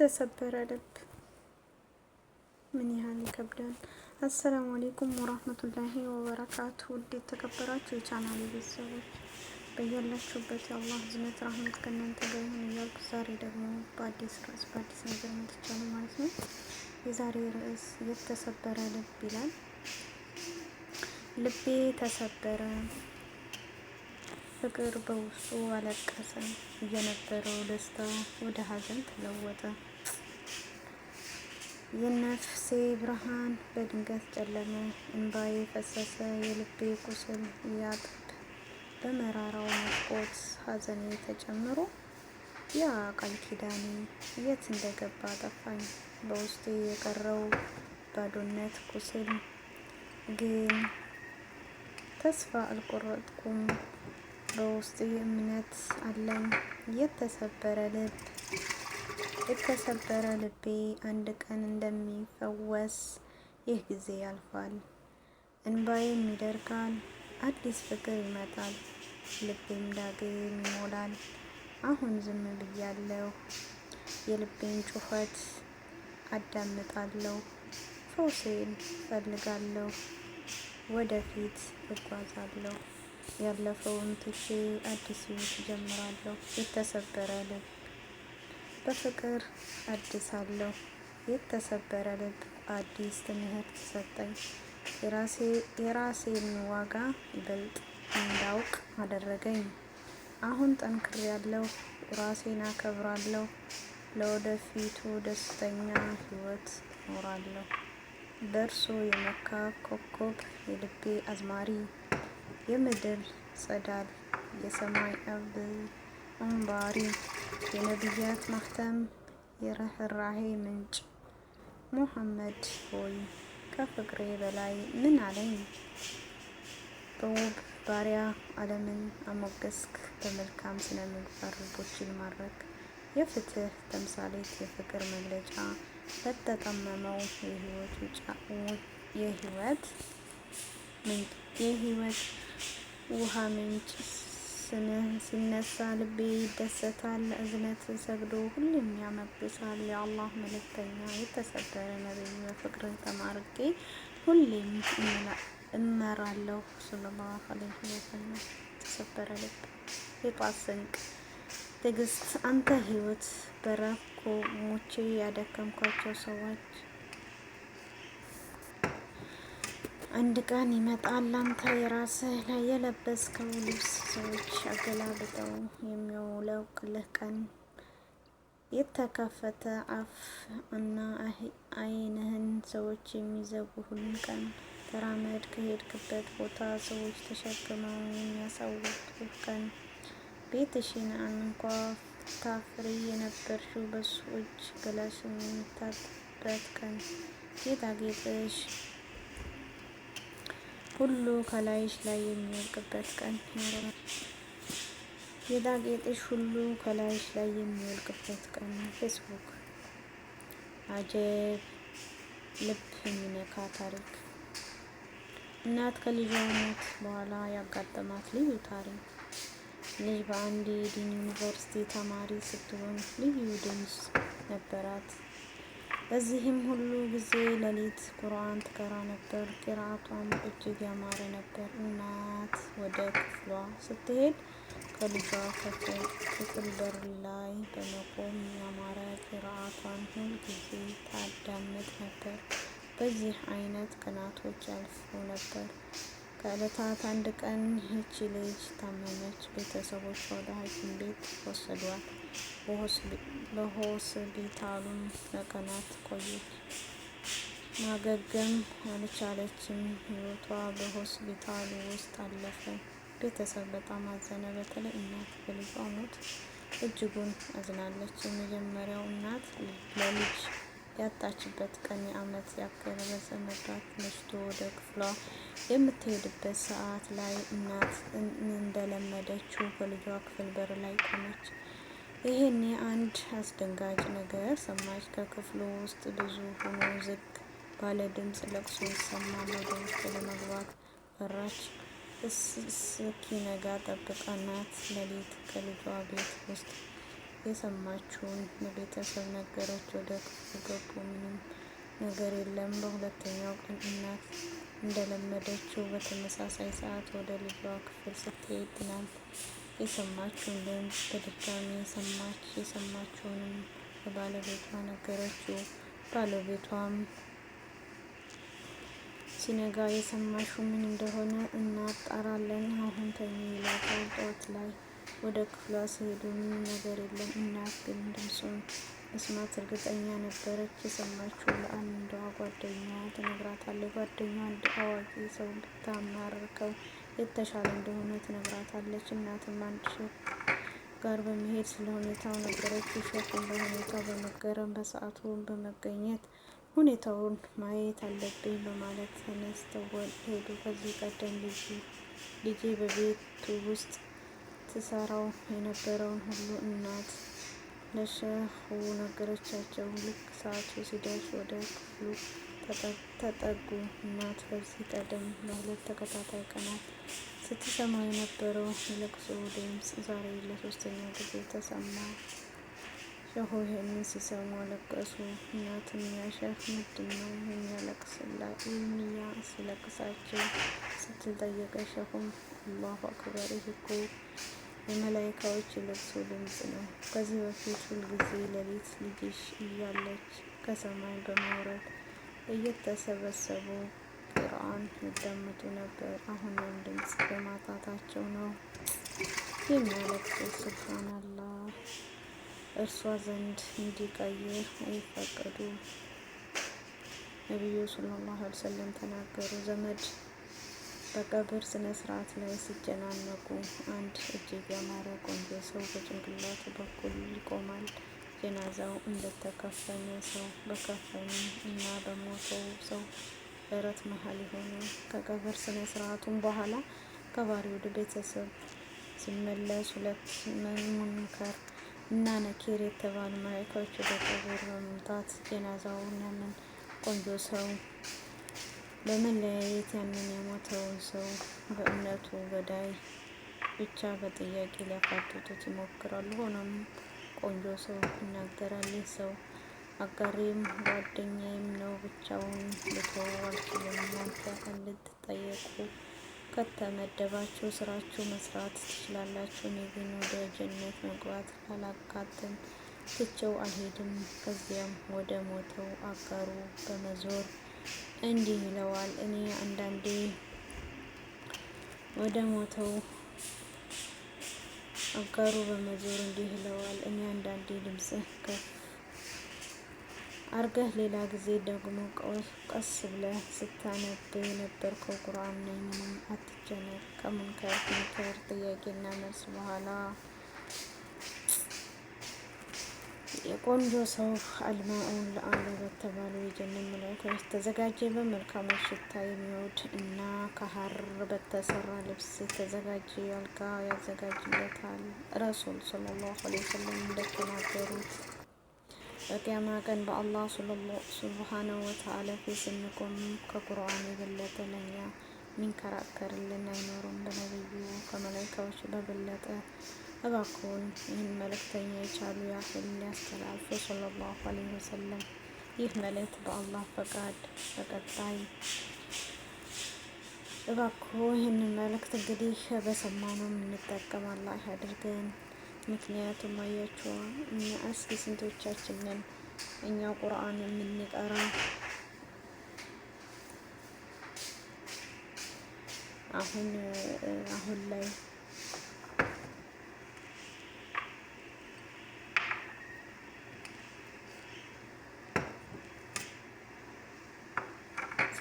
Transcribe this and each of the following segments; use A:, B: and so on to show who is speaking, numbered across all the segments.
A: ተሰበረ ልብ ምን ያህል ይከብዳል። አሰላሙ አሌይኩም ወራህመቱላሂ ወበረካቱ። ውድ የተከበራችሁ የቻናል ቤተሰቦች በያላችሁበት የአላህ ህዝነት ራህመት ከእናንተ ጋር ይሁን እያልኩ ዛሬ ደግሞ በአዲስ ርዕስ በአዲስ ነገር መጥቻለ ማለት ነው። የዛሬ ርዕስ የተሰበረ ልብ ይላል። ልቤ ተሰበረ ፍቅር በውስጡ አለቀሰ። የነበረው ደስታው ወደ ሀዘን ተለወጠ። የነፍሴ ብርሃን በድንገት ጨለመ። እንባዬ ፈሰሰ፣ የልቤ ቁስል እያጠብ በመራራው መቆት ሀዘኔ ተጨምሮ ያ ቃል ኪዳኔ የት እንደገባ ጠፋኝ። በውስጤ የቀረው ባዶነት ቁስል ግን ተስፋ አልቆረጥኩም። በውስጡ እምነት አለኝ። የተሰበረ ልብ የተሰበረ ልቤ አንድ ቀን እንደሚፈወስ ይህ ጊዜ ያልፋል። እንባዬም ይደርቃል፣ አዲስ ፍቅር ይመጣል፣ ልቤም ዳግም ይሞላል። አሁን ዝም ብያለሁ፣ የልቤን ጩኸት አዳምጣለሁ፣ ፈውሴን ፈልጋለሁ፣ ወደፊት እጓዛለሁ። ያለፈውን ትቼ አዲስ ህይወት ጀምራለሁ። የተሰበረ ልብ በፍቅር አድሳለሁ። የተሰበረ ልብ አዲስ ትምህርት ሰጠኝ። የራሴን ዋጋ ይበልጥ እንዳውቅ አደረገኝ። አሁን ያለው ራሴን አከብራለሁ። ለወደፊቱ ደስተኛ ህይወት እኖራለሁ። በእርሶ የመካ ኮከብ፣ የልቤ አዝማሪ የምድር ጸዳል የሰማይ አብ አንባሪ የነቢያት ማህተም የርህራሄ ምንጭ ሙሐመድ ሆይ ከፍቅሬ በላይ ምን አለኝ? በውብ ባሪያ ዓለምን አሞገስክ። በመልካም ስነ ምግባር ልቦችን ማድረግ የፍትህ ተምሳሌት የፍቅር መግለጫ ለተጠመመው የህይወት የህይወት ውሃ ምንጭ ስነሳ ልቤ ይደሰታል። እዝነት ሰግዶ ሁሌም ያመብሳል። የአላህ መልእክተኛ የተሰበረ ነብይ በፍቅርህ ተማርኬ ሁሌም እመራለሁ። ሰለላሁ ዐለይሂ ወሰለም የተሰበረ ልብ የጧት ስንቅ ትዕግስት አንተ ህይወት በረኮ ሙቼ ያደከምኳቸው ሰዎች አንድ ቀን ይመጣል አንተ የራስህ ላይ የለበስከው ልብስ ሰዎች አገላብጠው የሚያውለቅልህ ቀን የተከፈተ አፍ እና አይንህን ሰዎች የሚዘጉህን ቀን ተራመድ ከሄድክበት ቦታ ሰዎች ተሸክመው የሚያሳውቁ ቀን ቤትሽን እንኳ ታፍሪ የነበርሽው በሱ ገላሽ ገላሽን የምታጥበት ቀን ጌጣጌጥሽ ሁሉ ከላይሽ ላይ የሚወልቅበት ቀን ይኖራል። ጌጣጌጥሽ ሁሉ ከላይሽ ላይ የሚወልቅበት ቀን። ፌስቡክ አጀብ! ልብ የሚነካ ታሪክ። እናት ከልጇ ሞት በኋላ ያጋጠማት ልዩ ታሪክ። ልጅ በአንድ የዲን ዩኒቨርሲቲ ተማሪ ስትሆን ልዩ ድምፅ ነበራት። በዚህም ሁሉ ጊዜ ሌሊት ቁርአን ትቀራ ነበር። ቂራአቷም እጅግ ያማረ ነበር። እናት ወደ ክፍሏ ስትሄድ ከልጇ ከቁል በር ላይ በመቆም ያማረ ቂራአቷን ሁል ጊዜ ታዳምጥ ነበር። በዚህ አይነት ቀናቶች ያልፉ ነበር። ከዕለታት አንድ ቀን ይህቺ ልጅ ታመመች። ቤተሰቦቿ ወደ ሐኪም ቤት ወሰዷት። በሆስፒታሉም ለቀናት ቆየች። ማገገም አልቻለችም። ሕይወቷ በሆስፒታሉ ውስጥ አለፈ። ቤተሰብ በጣም አዘነ። በተለይ እናት በልጇ ሞት እጅጉን አዝናለች። የመጀመሪያው እናት ለልጅ ያጣችበት ቀን የዓመት ያክል በሰነባት መሽቶ ወደ ክፍሏ የምትሄድበት ሰዓት ላይ እናት እንደለመደችው ከልጇ ክፍል በር ላይ ቆመች። ይህን አንድ አስደንጋጭ ነገር ሰማች። ከክፍሉ ውስጥ ብዙ ሆኖ ዝግ ባለ ድምፅ ለቅሶ ይሰማል። ወደ ውስጥ ለመግባት በራች እስኪነጋ ጠብቃ እናት ሌሊት ከልጇ ቤት ውስጥ የሰማችውን ለቤተሰብ ነገረች። ወደ ክፍሉ ገቡ። ምንም ነገር የለም። በሁለተኛው ቀን እናት እንደለመደችው በተመሳሳይ ሰዓት ወደ ልጇ ክፍል ስትሄድ ትናንት የሰማችውን ድምፅ በድጋሚ የሰማች የሰማችውንም ለባለቤቷ ነገረችው። ባለቤቷም ሲነጋ የሰማሹ ምን እንደሆነ እናጣራለን፣ አሁን ተኝ ይላታል። ጦት ላይ ወደ ክፍሏ ሲሄዱ ምንም ነገር የለም። እናት ግን ድምፁን መስማት እርግጠኛ ነበረች። የሰማችው ለአንዷ ጓደኛ ትነግራታለች። ጓደኛ አንድ አዋቂ ሰው ብታማርከው የተሻለ እንደሆነ ትነግራታለች። እናትም አንድ ሼፍ ጋር በመሄድ ስለ ሁኔታው ነገረች። ሼፉን በሁኔታው በመገረም በሰዓቱ በመገኘት ሁኔታውን ማየት አለብኝ በማለት ተነስተው ሄዱ። ከዚህ ቀደም ልጄ በቤቱ ውስጥ ትሰራው የነበረውን ሁሉ እናት ለሸሁ ነገረቻቸው። ልክ ሰዓቱ ሲደርስ ወደ ክፍሉ ተጠጉ። እናት በዚህ ቀደም ለሁለት ተከታታይ ቀናት ስትሰማ የነበረው የለቅሶ ድምፅ ዛሬ ለሶስተኛ ጊዜ ተሰማ። ሸሆ ይህንን ሲሰሙ አለቀሱ። እናትም ያሸህ ምንድን ነው ሲለቅሳቸው ስትል ጠየቀ። ሸሆም አላሁ አክበር ይህ የመላይካዎች የለቅሶ ድምፅ ነው። ከዚህ በፊት ሁልጊዜ ሌሊት ልጅሽ እያለች ከሰማይ በማውረድ እየተሰበሰቡ ቁርአን ያዳምጡ ነበር። አሁንም ያን ድምፅ በማጣታቸው ነው ስብሃን አላ እርሷ ዘንድ እንዲቀይር አይፈቀዱ። ነቢዩ ሰለላሁ ዐለይሂ ወሰለም ተናገሩ። ዘመድ በቀብር ስነ ስርዓት ላይ ሲጨናነቁ አንድ እጅግ ያማረ ቆንጆ ሰው በጭንቅላቱ በኩል ይቆማል። ጀናዛው እንደተከፈነ ሰው በከፈኑ እና በሞተው ሰው ደረት መሀል የሆነ ከቀብር ስነ ስርዓቱን በኋላ ከባሪ ወደ ቤተሰብ ሲመለስ ሁለት ሙንከር እና ነኬር የተባሉ መላእክቶች ወደ ቀብር በመምጣት ጀናዛው ነምን ቆንጆ ሰው ለመለያየት ያንን የሞተውን ሰው በእምነቱ ገዳይ ብቻ በጥያቄ ሊያፋጥጡት ይሞክራሉ። ሆኖም ቆንጆ ሰው ይናገራል። ይህ ሰው አጋሪም ጓደኛዬም ነው፣ ብቻውን ልተወው አልችልም። እናንተ እንድትጠየቁ ከተመደባችሁ ስራችሁ መስራት ትችላላችሁ። እኔ ግን ወደ ጀነት መግባት ላላካትም ትቼው አልሄድም። ከዚያም ወደ ሞተው አጋሩ በመዞር እንዲህ ይለዋል። እኔ አንዳንዴ ወደ ሞተው አጋሩ በመዞር እንዲህ ይለዋል። እኔ አንዳንዴ ድምፅህ ከፍ አርገህ ሌላ ጊዜ ደግሞ ቀስ ብለህ ስታነብ የነበርከው ቁርአን ነኝ። ምንም አትጨነቅ። ከሙንከር ጥያቄና መልስ በኋላ የቆንጆ ሰው አልማኡን ለአንዱ በተባሉ የጀነት መላእክት ተዘጋጀ በመልካሞች ሽታ የሚወድ እና ከሐር በተሰራ ልብስ የተዘጋጀ አልጋ ያዘጋጅለታል። ረሱል ሰለላሁ ዐለይሂ ወሰለም እንደተናገሩት በቅያማ ቀን በአላህ ሱብሓነሁ ወተዓላ ፊት ስንቆም ከቁርአን የበለጠ ለኛ ሚንከራከርልን አይኖርም። በነቢዩ ከመላይካዎች በበለጠ እባክዎን ይህን መልእክተኛ የቻሉ ያህል ሊያስተላልፉ ሰለላሁ ዐለይሂ ወሰለም። ይህ መልእክት በአላህ ፈቃድ በቀጣይ እባክዎ ይህንን መልእክት እንግዲህ በሰማነው የምንጠቀም አላህ አድርገን። ምክንያቱም አያችዋ እኛ እስኪ ስንቶቻችንን እኛ ቁርአን የምንቀራ አሁን አሁን ላይ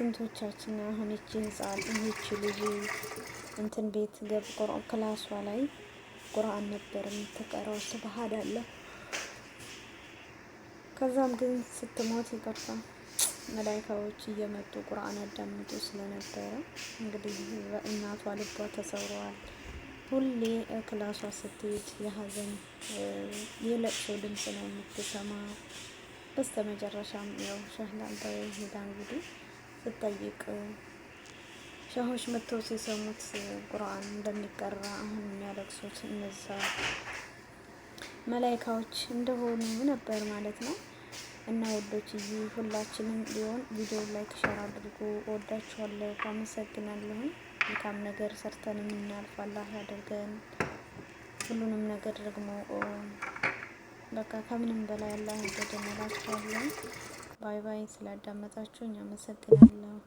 A: ስንቶቻችን አሁን ይቺ ህጻን ይቺ ልጅ እንትን ቤት ገብ ክላሷ ላይ ቁርአን ነበር የምትቀረው ስብሃድ አለ። ከዛም ግን ስትሞት ይቅርታ መላይካዎች እየመጡ ቁርአን ያዳምጡ ስለነበረ እንግዲህ እናቷ ልቧ ተሰብረዋል። ሁሌ ክላሷ ስትሄድ የሀዘን የለቅሶ ድምፅ ነው የምትሰማ። በስተመጨረሻም ያው ሸህላንታዊ ሄዳ እንግዲህ ስጠይቅ ሸሆች መጥተው ሲሰሙት ቁርአን እንደሚቀራ አሁን የሚያለቅሱት እነዛ መላይካዎች እንደሆኑ ነበር ማለት ነው። እና ወዶችዬ ሁላችንም ቢሆን ቪዲዮ ላይክ፣ ሸር አድርጉ። ወዳችኋለሁ። አመሰግናለሁ። መልካም ነገር ሰርተን የምናልፍ አላህ ያደርገን። ሁሉንም ነገር ደግሞ በቃ ከምንም በላይ አላህ ይወደደን ባይ ባይ። እኛ አመሰግናለሁ።